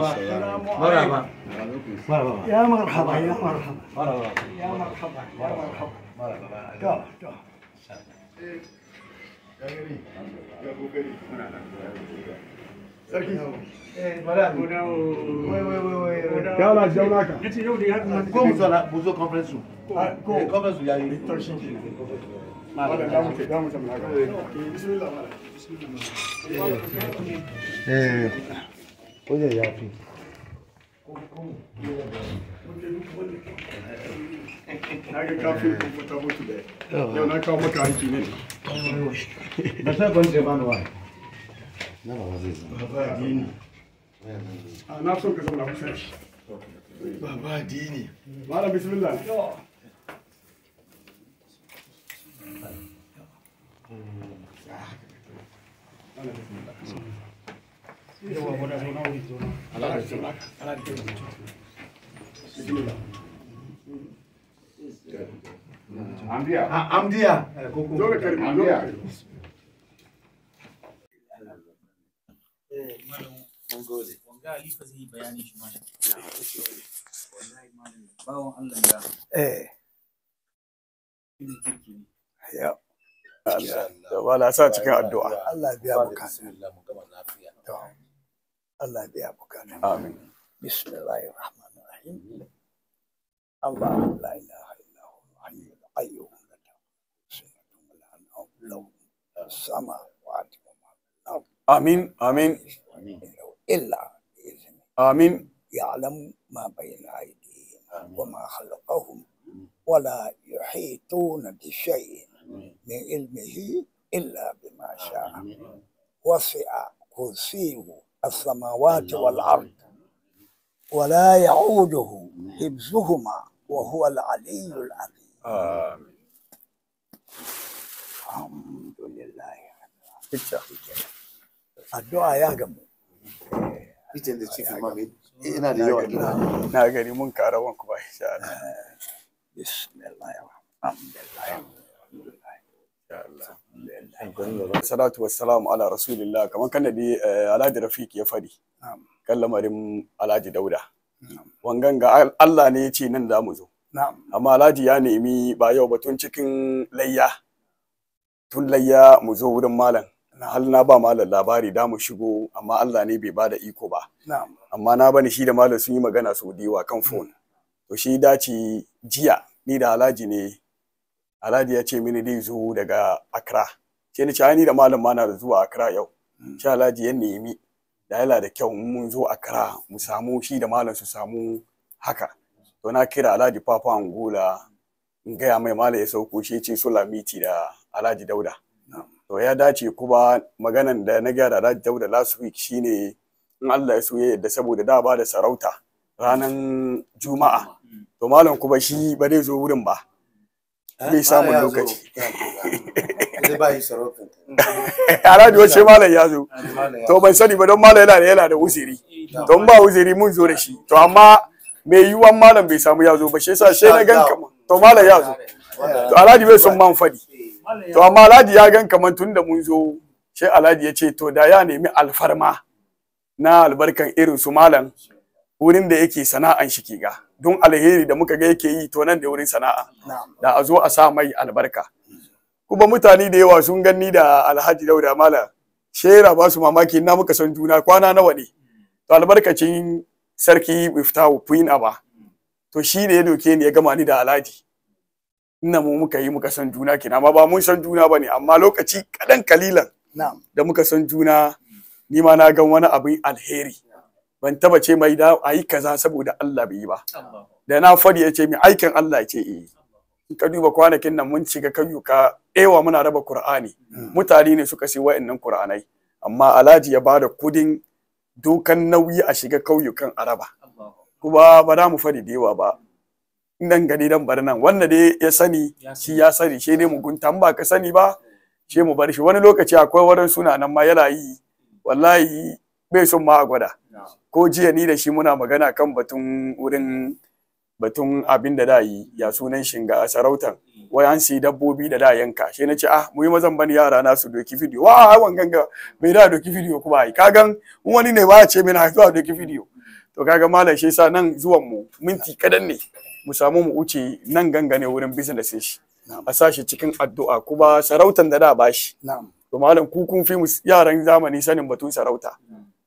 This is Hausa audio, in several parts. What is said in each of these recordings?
مرحبا يا مرحبا يا مرحبا مرحبا يا مرحبا يا مرحبا مرحبا تعال تعال يا قريب يا ابو قريب Yala jauna ka. Ko mu zana mu zo conference room. Ko ah, conference room yayi. Torsion ki. Mala da mu te da mu te mala. Bismillah mala. Bismillah. Eh. eh. wajen ya fi na kawo maka hanki ne ba sai ban je bani wa na ba zai zama a na son ka zama kusa shi baba dini bala bismillah ana bismillah Amdiya. Ah, Amdiya. Zo ka karbi. Ya. wala sa cikin addu'a. Allah biya bukata. Bismillah mu gama lafiya. الله يبيعك امين بسم الله الرحمن الرحيم الله لا اله الا هو الحي القيوم لا سنه ولا نوم له السماوات الارض امين امين الا باذن امين يعلم ما بين ايديهم وما خلقهم ولا يحيطون بشيء من علمه الا بما شاء وسع كرسيه السماوات والأرض ولا يعوده حفظهما وهو العلي العظيم الحمد لله الدعاء يا جم آه. بسم الله الرحمن الرحيم salatu wassalamu ala rasulillah kamar kan da eh, alhaji rafiq ya fadi kan lamarin alhaji dauda wangan ga allah ne ya ce nan za mu zo amma alhaji ya nemi ba yau ba tun cikin layya tun layya mu zo wurin malam na hal na ba malam labari da mu shigo amma allah ne bai bada iko ba amma na bani shi da malam sun yi magana su da kan fon mm. to shi dace jiya ni da alhaji ne alhaji ya ce mini dai zo daga accra Ke ni ce ni da malam ma na da zuwa accra yau hmm. sai alhaji ya nemi da yana da kyau mun zo accra mu samu shi da malam su samu haka to na kira aladi papa angola in gaya mai malam ya sauko shi ce miti da alhaji dauda hmm. to ya dace kuma maganan da na gaya da aladi dauda last week shine in allah ya so ya yadda saboda da ba da sarauta ranan juma'a hmm. to malam kuma shi ba zai zo wurin ba bai eh, samun ah, lokaci alhaji wace malam ya zo to ban sani ba don malam yana da yana da uziri don ba uziri mun zo da shi to amma mai yiwuwan malam bai samu ya zo ba shi yasa shi na gan kama to malam ya zo to alhaji bai son man fadi to amma alhaji ya gan kaman tun da mun zo shi alhaji ya ce to da ya nemi alfarma na albarkan irin su malam wurin da yake sana'an shi ke ga don alheri da muka ga yake yi to nan da wurin sana'a da a zo a sa mai albarka kuma mutane da yawa sun ganni da alhaji dauda mala shera ba su mamaki na muka san juna kwana nawa ne to albarkacin sarki biftawu puyin aba to shi ne ya doke ni ya gama ni da alhaji ina mu muka yi muka san juna kina amma ba mun san juna bane amma lokaci kadan kalilan da muka san juna ni ma na gan wani abin alheri ban taba ce mai da a yi kaza saboda Allah bai yi ba da na fadi ya ce mai aikin Allah ce eh in ka duba kwanakin nan mun shiga kayyuka ewa muna raba Kur'ani. Hmm. mutane ne suka sai wa'annan Kur'anai. amma Alhaji ya bada kudin dokan nauyi a shiga kauyukan Araba kuma ba za mu fadi da yawa ba nan gani dan bar nan wanda dai ya sani shi ya sani shi ne mugunta ba ka sani ba shi mu bar shi wani lokaci akwai wadansu suna nan ma yana yi wallahi bai son ma a gwada ko jiya ni da shi muna magana kan batun wurin batun abin da da yi ya sunan shinga a sarautan mm. wai an si dabbobi da da yanka shi na ce ah mu yi mazan bani yara na su doki video wa wangan ga bai da doki video kuma ai kagan wani ne ba ya ce mina zuwa doki video to kaga malam shi sa nan zuwan mu minti kadan ne mu samu mu wuce nan gangane wurin business shi a sashi cikin addu'a kuma sarautan da da bashi na'am to malam ku kun fi yaran zamani sanin batun sarauta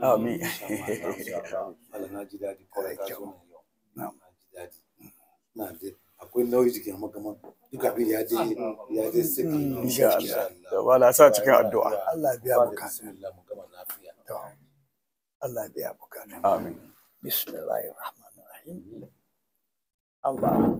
Amin. Allah na ji daɗi kwarai ka zo mai yau. Na ji daɗi. Na ji akwai nauyi jikin amma duk abin ya je ya je saki. Mm, insha Allah. Da wala sa cikin addu'a. Allah biya bukata. Allah mu gama lafiya. Allah biya bukata. Amin. Bismillahir Allah